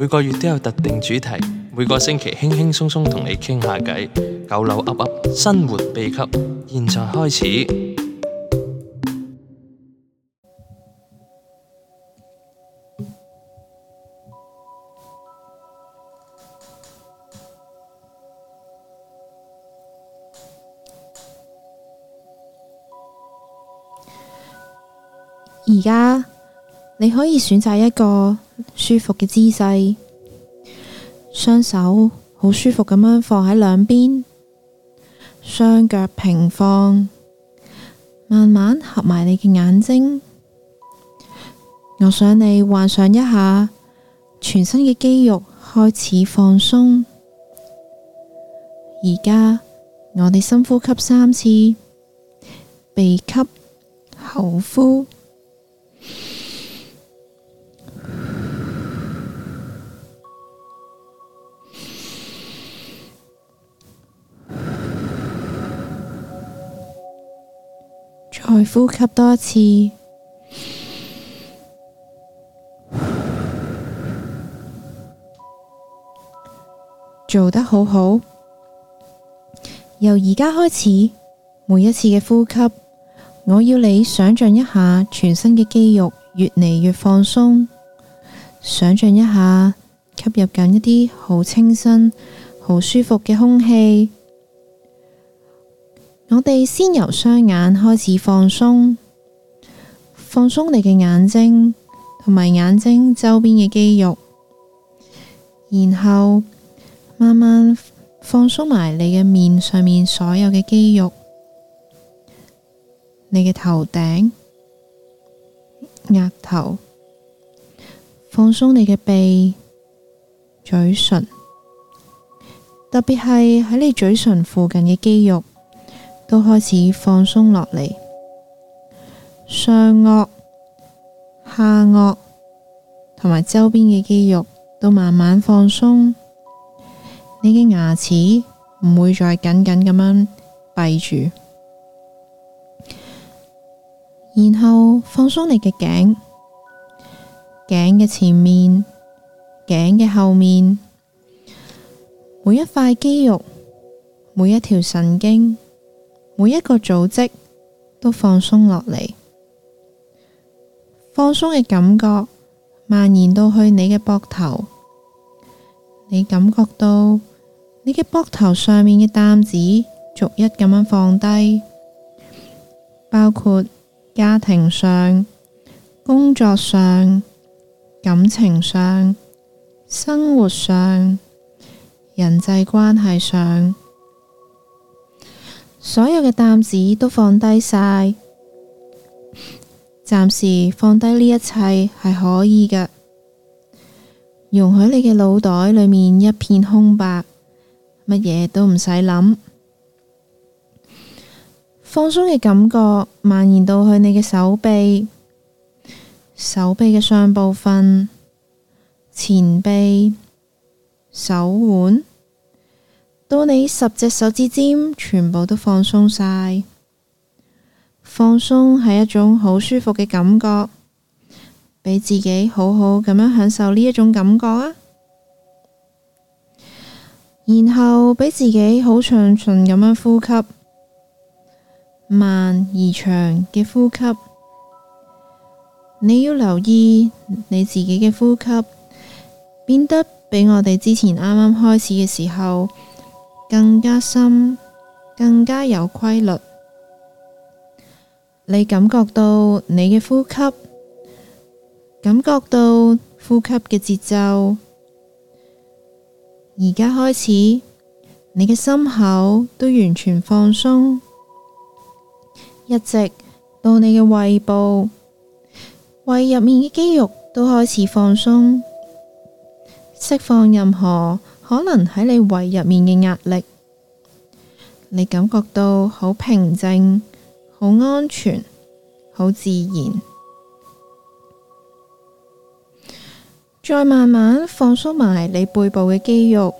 每個月都有特定主題，每個星期輕輕鬆鬆同你傾下偈，九樓噏噏生活秘笈，現在開始。而家你可以選擇一個。舒服嘅姿勢，雙手好舒服咁樣放喺兩邊，雙腳平放，慢慢合埋你嘅眼睛。我想你幻想一下，全身嘅肌肉開始放鬆。而家我哋深呼吸三次，鼻吸，口呼。再呼吸多一次，做得好好。由而家開始，每一次嘅呼吸，我要你想象一下，全身嘅肌肉越嚟越放鬆，想象一下吸入緊一啲好清新、好舒服嘅空氣。我哋先由雙眼開始放鬆，放鬆你嘅眼睛同埋眼睛周邊嘅肌肉，然後慢慢放鬆埋你嘅面上面所有嘅肌肉，你嘅頭頂、額頭，放鬆你嘅鼻、嘴唇，特別係喺你嘴唇附近嘅肌肉。都開始放鬆落嚟，上顎、下顎同埋周邊嘅肌肉都慢慢放鬆。你嘅牙齒唔會再緊緊咁樣閉住，然後放鬆你嘅頸，頸嘅前面、頸嘅後面，每一塊肌肉、每一條神經。每一個組織都放鬆落嚟，放鬆嘅感覺蔓延到去你嘅膊頭，你感覺到你嘅膊頭上面嘅擔子逐一咁樣放低，包括家庭上、工作上、感情上、生活上、人際關係上。所有嘅擔子都放低晒，暫時放低呢一切係可以嘅，容許你嘅腦袋裏面一片空白，乜嘢都唔使諗，放鬆嘅感覺蔓延到去你嘅手臂，手臂嘅上部分、前臂、手腕。到你十隻手指尖全部都放鬆晒，放鬆係一種好舒服嘅感覺，俾自己好好咁樣享受呢一種感覺啊。然後俾自己好暢順咁樣呼吸，慢而長嘅呼吸。你要留意你自己嘅呼吸變得比我哋之前啱啱開始嘅時候。更加深，更加有規律。你感覺到你嘅呼吸，感覺到呼吸嘅節奏。而家開始，你嘅心口都完全放鬆，一直到你嘅胃部，胃入面嘅肌肉都開始放鬆，釋放任何。可能喺你胃入面嘅壓力，你感覺到好平靜、好安全、好自然。再慢慢放鬆埋你背部嘅肌肉，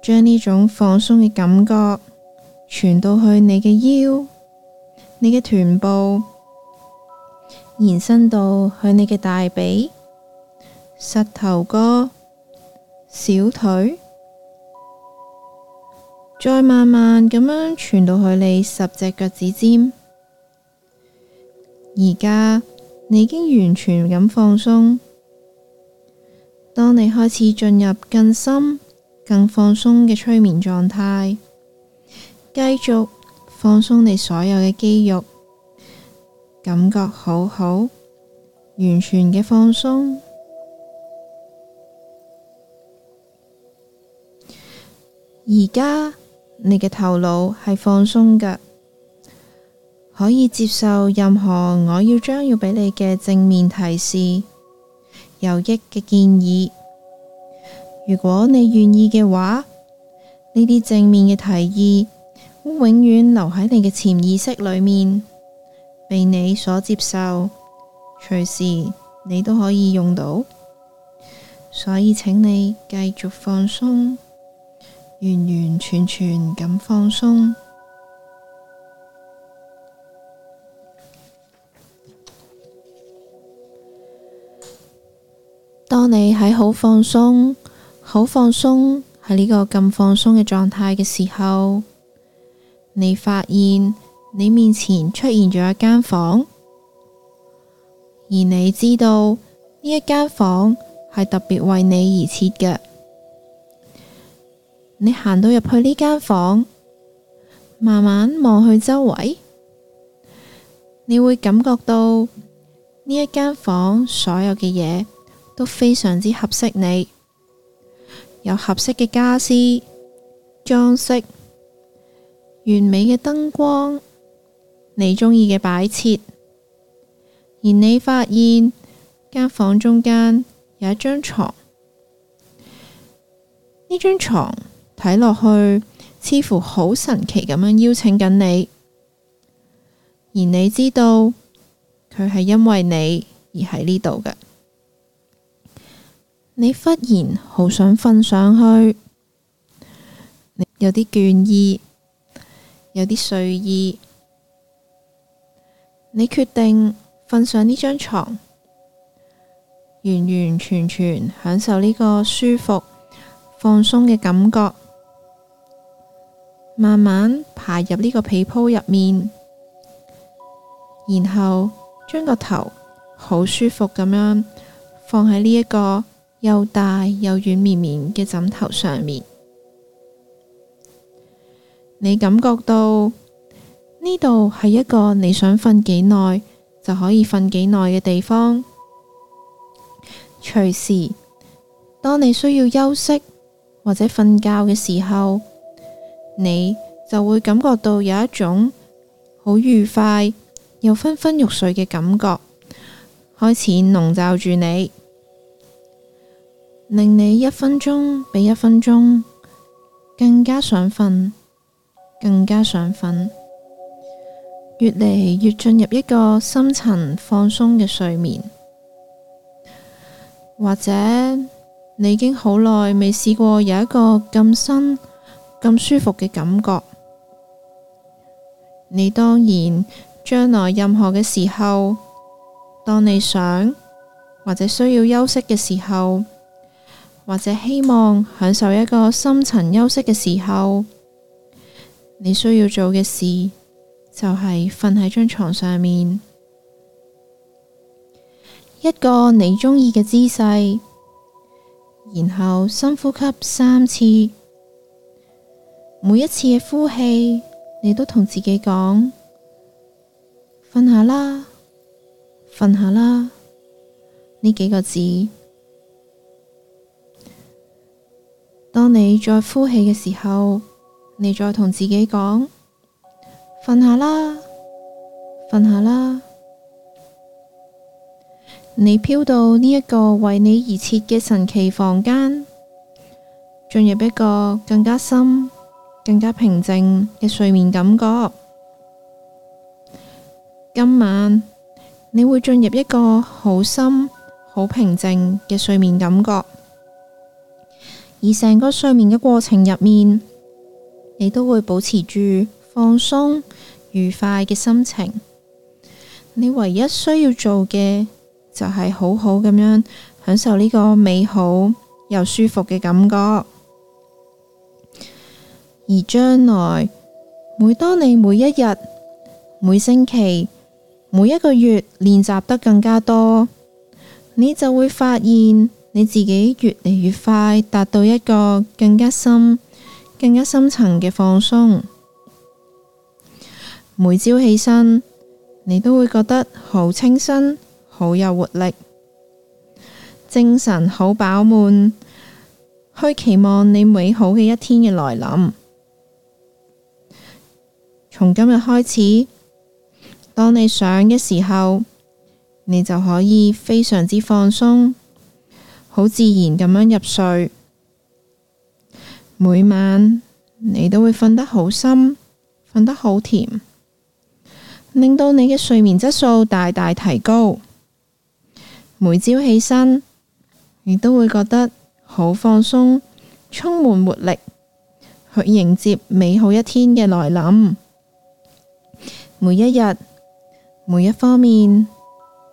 將呢種放鬆嘅感覺傳到去你嘅腰、你嘅臀部，延伸到去你嘅大髀、膝頭哥。小腿，再慢慢咁樣傳到去你十隻腳趾尖。而家，你已經完全咁放鬆。當你開始進入更深、更放鬆嘅催眠狀態，繼續放鬆你所有嘅肌肉，感覺好好，完全嘅放鬆。而家你嘅頭腦係放鬆嘅，可以接受任何我要將要俾你嘅正面提示、有益嘅建議。如果你願意嘅話，呢啲正面嘅提議會永遠留喺你嘅潛意識裏面，被你所接受，隨時你都可以用到。所以請你繼續放鬆。完完全全咁放鬆。當你喺好放鬆、好放鬆喺呢個咁放鬆嘅狀態嘅時候，你發現你面前出現咗一間房，而你知道呢一間房係特別為你而設嘅。你行到入去呢間房間，慢慢望去周圍，你會感覺到呢一間房間所有嘅嘢都非常之合適你，有合適嘅家私、裝飾、完美嘅燈光、你鍾意嘅擺設，而你發現間房間中間有一張床，呢張床。睇落去似乎好神奇咁樣邀請緊你，而你知道佢係因為你而喺呢度嘅。你忽然好想瞓上去，有啲倦意，有啲睡意。你決定瞓上呢張床，完完全全享受呢個舒服放鬆嘅感覺。慢慢爬入呢個被鋪入面，然後將個頭好舒服咁樣放喺呢一個又大又軟綿綿嘅枕頭上面。你感覺到呢度係一個你想瞓幾耐就可以瞓幾耐嘅地方。隨時，當你需要休息或者瞓覺嘅時候。你就會感覺到有一種好愉快又昏昏欲睡嘅感覺，開始籠罩住你，令你一分鐘比一分鐘更加想瞓，更加想瞓，越嚟越進入一個深層放鬆嘅睡眠。或者你已經好耐未試過有一個咁深。咁舒服嘅感覺，你當然將來任何嘅時候，當你想或者需要休息嘅時候，或者希望享受一個深層休息嘅時候，你需要做嘅事就係瞓喺張床上面，一個你鍾意嘅姿勢，然後深呼吸三次。每一次嘅呼氣，你都同自己講瞓下啦，瞓下啦呢幾個字。當你再呼氣嘅時候，你再同自己講瞓下啦，瞓下啦。你飄到呢一個為你而設嘅神奇房間，進入一個更加深。更加平靜嘅睡眠感覺，今晚你會進入一個好深、好平靜嘅睡眠感覺，而成個睡眠嘅過程入面，你都會保持住放鬆、愉快嘅心情。你唯一需要做嘅就係好好咁樣享受呢個美好又舒服嘅感覺。而將來，每當你每一日、每星期、每一個月練習得更加多，你就會發現你自己越嚟越快達到一個更加深、更加深層嘅放鬆。每朝起身，你都會覺得好清新、好有活力，精神好飽滿，去期望你美好嘅一天嘅來臨。從今日開始，當你想嘅時候，你就可以非常之放鬆，好自然咁樣入睡。每晚你都會瞓得好深，瞓得好甜，令到你嘅睡眠質素大大提高。每朝起身，你都會覺得好放鬆，充滿活力，去迎接美好一天嘅來臨。每一日，每一方面，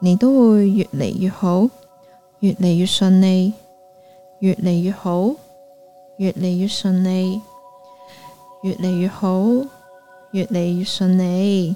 你都會越嚟越好，越嚟越順利，越嚟越好，越嚟越順利，越嚟越好，越嚟越順利。